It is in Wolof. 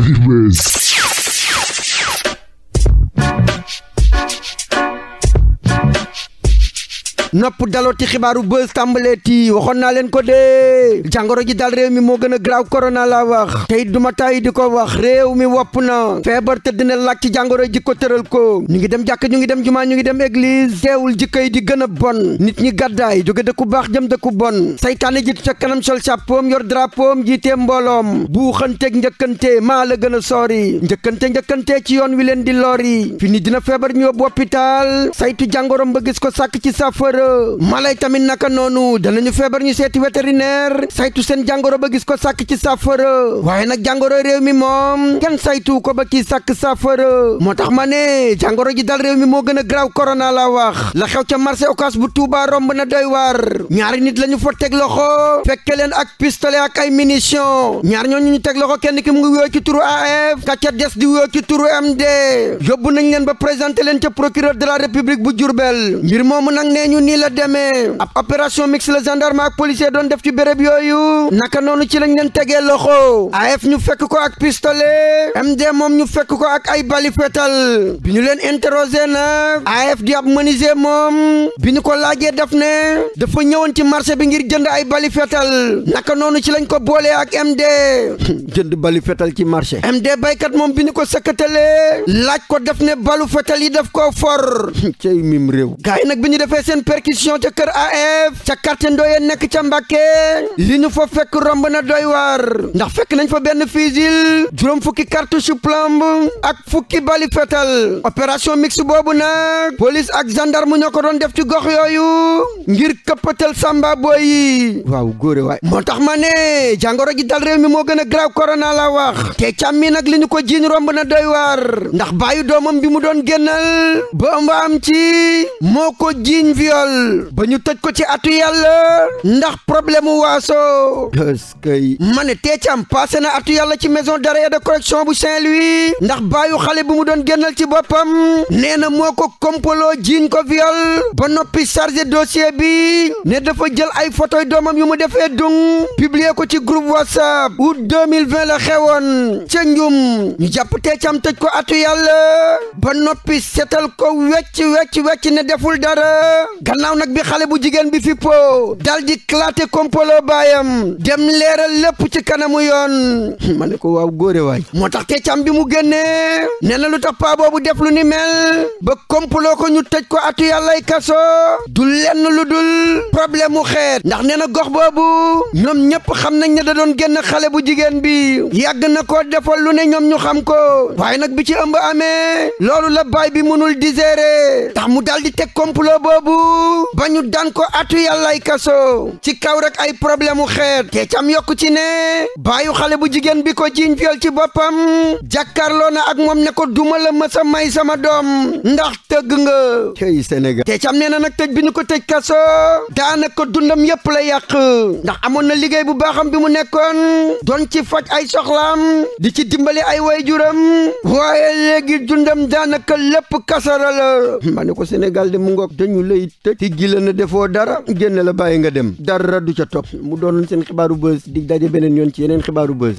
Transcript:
Heavyweights. nopp dalooti xibaaru bës tàmbaleeti waxoon naa leen ko dee jàngoro ji dal réew mi moo gën a graaw korona la wax tey duma tay di ko wax réew mi wopp na feebar tëdd dina laaj ci jàngoro ji ko tëral ko ñu ngi dem jàkk ñu ngi dem jumaa ñu ngi dem église teewul jikko di gën a bon nit ñi gàddaay jóge dëkku baax jëm dëkku bon saytaane ji ca kanam sol sàppoom yor drapoom jiitee mbooloom buuxanteeg njëkkante maa la gën a soori njëkkante njëkkante ci yoon wi leen di lori fi ni dina feebar ñu yóbbu hôpital saytu jàngoro ba gis ko sàkk ci safara mala yi tamit naka noonu danañu feebar ñu seeti vétérinaire saytu seen jàngoro ba gis ko sàkk ci saafara waaye nag jàngoro réew mi moom kenn saytu ko ba kii sàkk saafara moo tax ma ne jàngoro ji dal réew mi moo gën a graaw corona laa wax la xew ca marché Ocass bu Touba romb na doy waar ñaari nit lañu fa teg loxo fekke leen ak pistolet ak ay munitions ñaar ñooñu ñu teg loxo kenn ki mu ngi wuyoo ci turu AF ka ca des di wuyoo ci turu MD yóbbu nañ leen ba présenté leen ca procureur de la république bu Diourbel mbir moomu nag nee ñu nii la demee ab opération mixte la gendarme ak policier doon def ci béréb yooyu naka noonu ci lañ leen tegee loxo AF ñu fekk ko ak pistolet MD moom ñu fekk ko ak ay bali fetal bi ñu leen interrogé na AF di ab menuisier moom bi ñu ko laajee daf ne dafa ñëwoon ci marché bi ngir jënd ay bali fetal naka noonu ci lañ ko boolee ak MD jënd bali fetal ci marché MD baykat moom bi ñu ko sëkkatalee laaj ko def ne balu fetal yi daf ko for cey mim réew gaay bi ñu defee seen percussion ca kër AF ca quartier Ndoye nekk ca Mbàkke li ñu fekk romb na doy waar ndax fekk nañ fa benn fusil juróom fukki cartouche plomb ak fukki bali fetal opération mix boobu na police ak gendarme ñoo ko doon def ci gox yooyu ngir këppatal samba boy wa waaw góore waay moo tax ma ne jàngoro ji dal réew mi moo gën a grave corona la wax te càmmi nag li ñu ko jiin romb na doy waar ndax bàyyi doomam bi mu doon génnal ba am ci moo ko jiin viol dogal ba ñu tëj ko ci atu yàlla ndax problème mu waaso eskay ma ne teecam passé na atu yàlla ci maison d'arrêt et de bu Saint-Louis ndax baayu xale bu mu doon génnal ci boppam nee na moo ko kompaloo jiiñ ko viol ba noppi chargé dossier bi ne dafa jël ay photoy doomam yu mu defee dung publier ko ci groupe whatsapp août 2020 la xewan ca njum ñu jàpp teecam ko atu yàlla ba noppi setal ko wecc wecc wecc ne deful dara gannaaw nag bi xale bu jigéen bi fippoo dal di klaate kompolo baayam dem leeral lépp ci kanamu yoon ma ne ko waaw góore waay moo tax keccam bi mu génnee nee na lu tax paa boobu def ni mel ba kompolo ko ñu tëj ko atu yàllay kaso du lenn lu dul problème mu xeet ndax nee gox boobu ñoom ñëpp xam nañ ne da doon génn xale bu jigéen bi yàgg na ko defal lu ne ñoom ñu xam ko waaye nag bi ci ëmb amee loolu la baay bi mënul digérer tax mu dal di teg kompolo boobu ba ñu daan ko atu yàllay kaso ci kaw rek ay problème mu xeet te cam yokku ci ne bayu xale bu jigéen bi ko jiiñ ci boppam jàkkaarloo na ak moom ne ko duma la mës a may sama doom ndax tëgg nga tey Sénégal te cam nee na nag tëj bi ñu ko tëj kaso ko dundam yëpp la yàq ndax amoon na liggéey bu baaxam bi mu nekkoon doon ci faj ay soxlaam di ci dimbali ay way juram waaye léegi dundam daanaka lépp kasara la ma ne ko Sénégal de mu ngoog dañu lay tëj rek tijji na defoo dara génne la bàyyi nga dem dara du ca topp mu doon seen xibaaru buzz di daje beneen yoon ci yeneen xibaaru buzz